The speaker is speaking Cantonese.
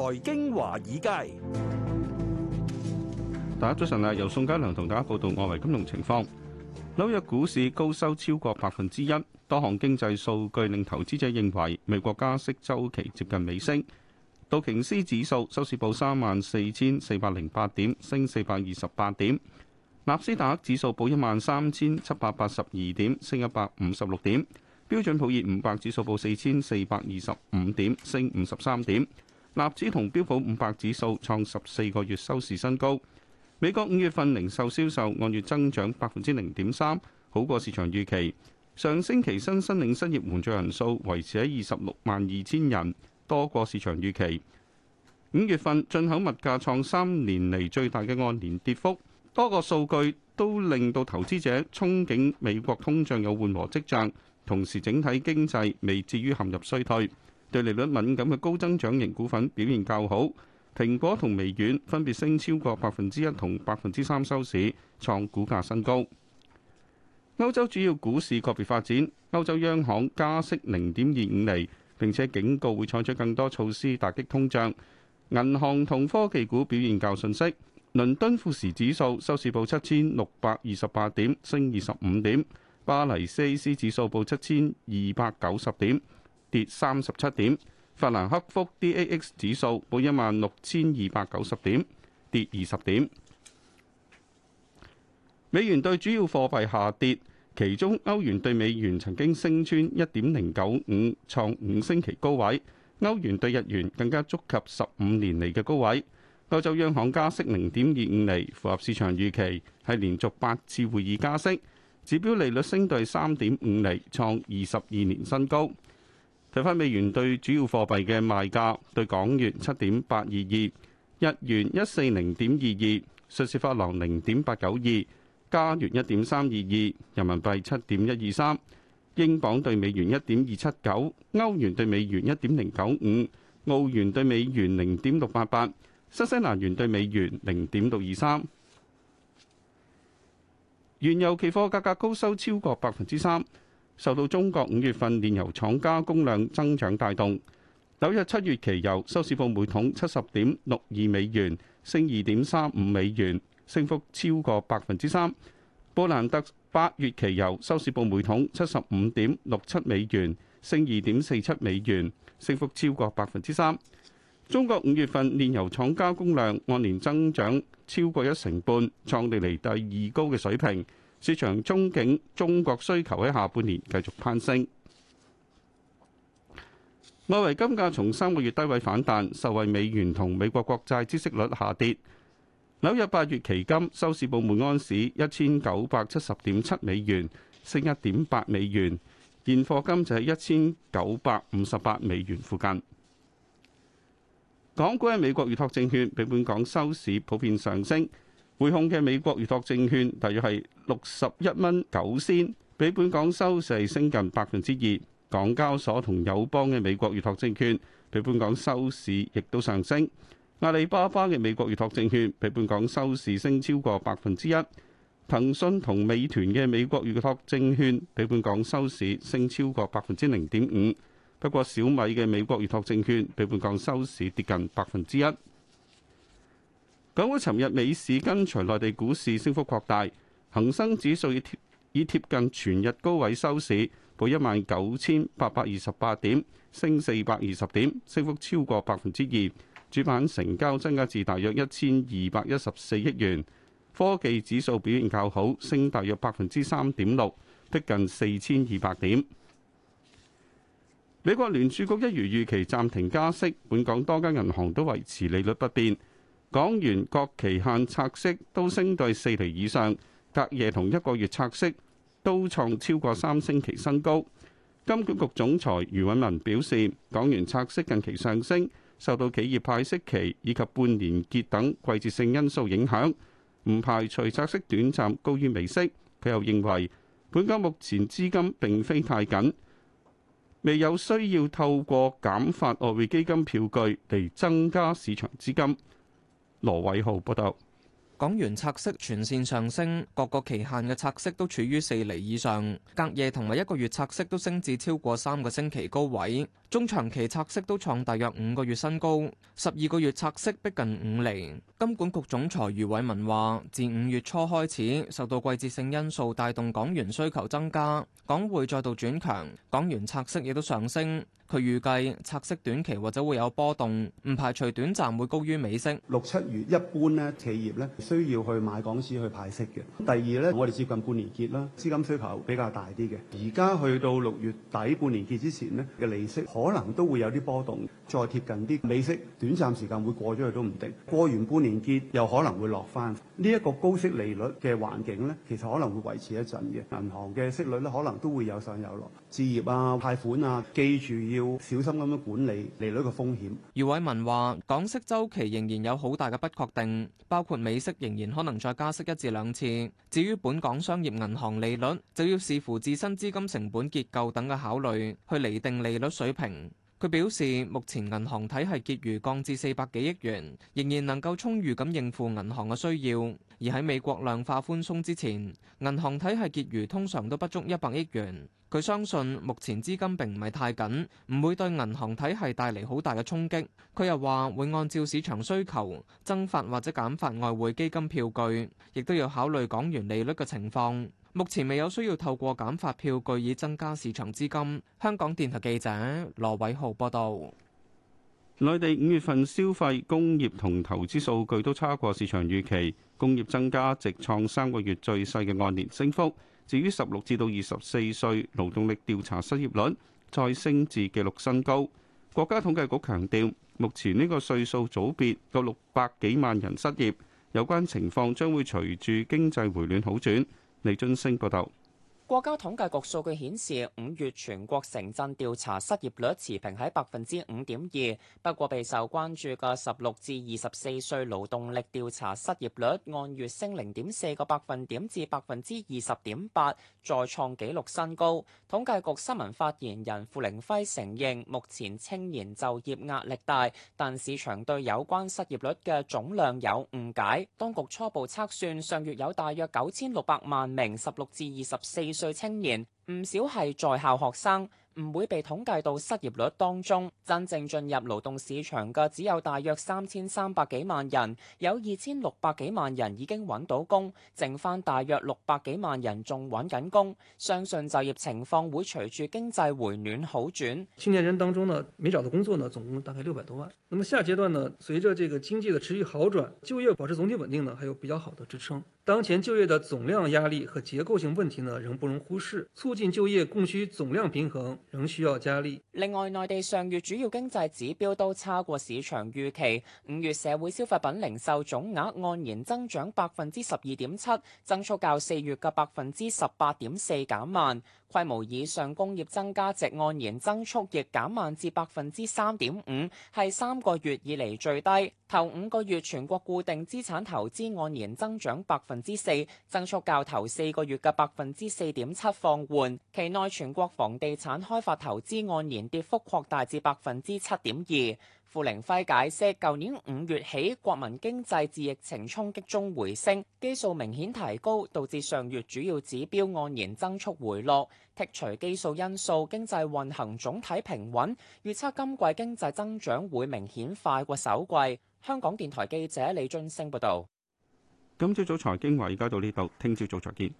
財經華爾街，大家早晨啊！由宋嘉良同大家報道外圍金融情況。紐約股市高收超過百分之一，多項經濟數據令投資者認為美國加息周期接近尾聲。道瓊斯指數收市報三萬四千四百零八點，升四百二十八點。納斯達克指數報一萬三千七百八十二點，升一百五十六點。標準普爾五百指數報四千四百二十五點，升五十三點。納指同標普五百指數創十四個月收市新高。美國五月份零售銷售銷售按月增長百分之零點三，好過市場預期。上星期新申領失業援助人數維持喺二十六萬二千人，多過市場預期。五月份進口物價創三年嚟最大嘅按年跌幅，多個數據都令到投資者憧憬美國通脹有緩和跡象，同時整體經濟未至於陷入衰退。對利率敏感嘅高增長型股份表現較好，蘋果同微軟分別升超過百分之一同百分之三收市，創股價新高。歐洲主要股市個別發展，歐洲央行加息零點二五厘，並且警告會採取更多措施打擊通脹。銀行同科技股表現較遜色。倫敦富時指數收市報七千六百二十八點，升二十五點；巴黎 CAC 指數報七千二百九十點，跌三十七點，法蘭克福 DAX 指數報一萬六千二百九十點，跌二十點。美元對主要貨幣下跌，其中歐元對美元曾經升穿一點零九五，創五星期高位。歐元對日元更加觸及十五年嚟嘅高位。歐洲央行加息零點二五厘，符合市場預期，係連續八次會議加息，指標利率升到三點五厘，創二十二年新高。睇翻美元對主要貨幣嘅賣價，對港元七點八二二，日元一四零點二二，瑞士法郎零點八九二，加元一點三二二，人民幣七點一二三，英鎊對美元一點二七九，歐元對美元一點零九五，澳元對美元零點六八八，新西蘭元對美元零點六二三。原油期貨價格高收超過百分之三。受到中國五月份煉油廠加工量增長帶動，紐約七月期油收市報每桶七十點六二美元，升二點三五美元，升幅超過百分之三。布蘭特八月期油收市報每桶七十五點六七美元，升二點四七美元，升幅超過百分之三。中國五月份煉油廠加工量按年增長超過一成半，創歷來第二高嘅水平。市場憧憬中國需求喺下半年繼續攀升。外圍金價從三個月低位反彈，受惠美元同美國國債孳息率下跌。紐約八月期金收市報每安士一千九百七十點七美元，升一點八美元。現貨金就係一千九百五十八美元附近。港股喺美國預託證券，比本港收市普遍上升。匯控嘅美國預託證券大約係六十一蚊九仙，比本港收市升近百分之二。港交所同友邦嘅美國預託證券比本港收市亦都上升。阿里巴巴嘅美國預託證券比本港收市升超過百分之一。騰訊同美團嘅美國預託證券比本港收市升超過百分之零點五。不過小米嘅美國預託證券比本港收市跌近百分之一。港股尋日美市跟隨內地股市升幅擴大，恒生指數已貼已貼近全日高位收市，報一萬九千八百二十八點，升四百二十點，升幅超過百分之二。主板成交增加至大約一千二百一十四億元。科技指數表現較好，升大約百分之三點六，逼近四千二百點。美國聯儲局一如預期暫停加息，本港多間銀行都維持利率不變。港元各期限拆息都升到四厘以上，隔夜同一個月拆息都創超過三星期新高。金管局總裁余允文表示，港元拆息近期上升，受到企業派息期以及半年結等季節性因素影響，唔排除拆息短暫高於美息。佢又認為，本港目前資金並非太緊，未有需要透過減發外匯基金票據嚟增加市場資金。羅偉豪報道：港元拆息全線上升，各個期限嘅拆息都處於四厘以上。隔夜同埋一個月拆息都升至超過三個星期高位，中長期拆息都創大約五個月新高，十二個月拆息逼近五厘。金管局總裁余偉文話：自五月初開始，受到季節性因素帶動港元需求增加，港匯再度轉強，港元拆息亦都上升。佢預計拆息短期或者會有波動，唔排除短暫會高於美息。六七月一般咧，企業咧需要去買港紙去派息嘅。第二咧，我哋接近半年結啦，資金需求比較大啲嘅。而家去到六月底半年結之前咧嘅利息，可能都會有啲波動。再貼近啲美息，短暫時間會過咗去都唔定，過完半年結又可能會落翻。呢一個高息利率嘅環境咧，其實可能會維持一陣嘅銀行嘅息率咧，可能都會有上有落。置業啊、貸款啊，記住要小心咁樣管理利率嘅風險。余偉文話：港息週期仍然有好大嘅不確定，包括美息仍然可能再加息一至兩次。至於本港商業銀行利率，就要視乎自身資金成本結構等嘅考慮去釐定利率水平。佢表示，目前銀行體系結餘降至四百幾億元，仍然能夠充裕咁應付銀行嘅需要。而喺美國量化寬鬆之前，銀行體系結餘通常都不足一百億元。佢相信目前資金並唔係太緊，唔會對銀行體系帶嚟好大嘅衝擊。佢又話會按照市場需求增發或者減發外匯基金票據，亦都要考慮港元利率嘅情況。目前未有需要透過減發票據以增加市場資金。香港電台記者羅偉浩報道，內地五月份消費、工業同投資數據都差過市場預期，工業增加值創三個月最細嘅按年升幅。至於十六至到二十四歲勞動力調查失業率再升至紀錄新高。國家統計局強調，目前呢個歲數組別有六百幾萬人失業，有關情況將會隨住經濟回暖好轉。李津升報道。國家統計局數據顯示，五月全國城鎮調查失業率持平喺百分之五點二。不過，備受關注嘅十六至二十四歲勞動力調查失業率按月升零點四個百分點至百分之二十點八，再創紀錄新高。統計局新聞發言人付凌輝承認，目前青年就業壓力大，但市場對有關失業率嘅總量有誤解。當局初步測算，上月有大約九千六百萬名十六至二十四歲。最青年唔少係在校學生。唔會被統計到失業率當中，真正進入勞動市場嘅只有大約三千三百幾萬人，有二千六百幾萬人已經揾到工，剩翻大約六百幾萬人仲揾緊工。相信就業情況會隨住經濟回暖好轉。青年人當中呢，沒找到工作呢，總共大概六百多萬。那麼下階段呢，隨着這個經濟的持續好轉，就業保持總體穩定呢，還有比較好的支撐。當前就業的總量壓力和結構性問題呢，仍不容忽視，促進就業供需總量平衡，需要加力。另外，內地上月主要經濟指標都差過市場預期。五月社會消費品零售總額按年增長百分之十二點七，增速較四月嘅百分之十八點四減慢。規模以上工業增加值按年增速亦減慢至百分之三點五，係三個月以嚟最低。頭五個月全國固定資產投資按年增長百分之四，增速較頭四個月嘅百分之四點七放緩。期內全國房地產開批發投資按年跌幅擴大至百分之七點二。付凌暉解釋，舊年五月起，國民經濟自疫情衝擊中回升，基數明顯提高，導致上月主要指標按年增速回落。剔除基數因素，經濟運行總體平穩。預測今季經濟增長會明顯快過首季。香港電台記者李津升報道。今朝早財經華爾街，而家到呢度，聽朝早再見。